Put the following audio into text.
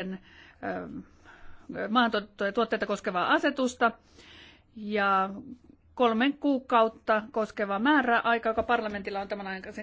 Ähm, maantuotteita koskevaa asetusta ja kolmen kuukautta koskeva määräaika, joka parlamentilla on tämän aikaisen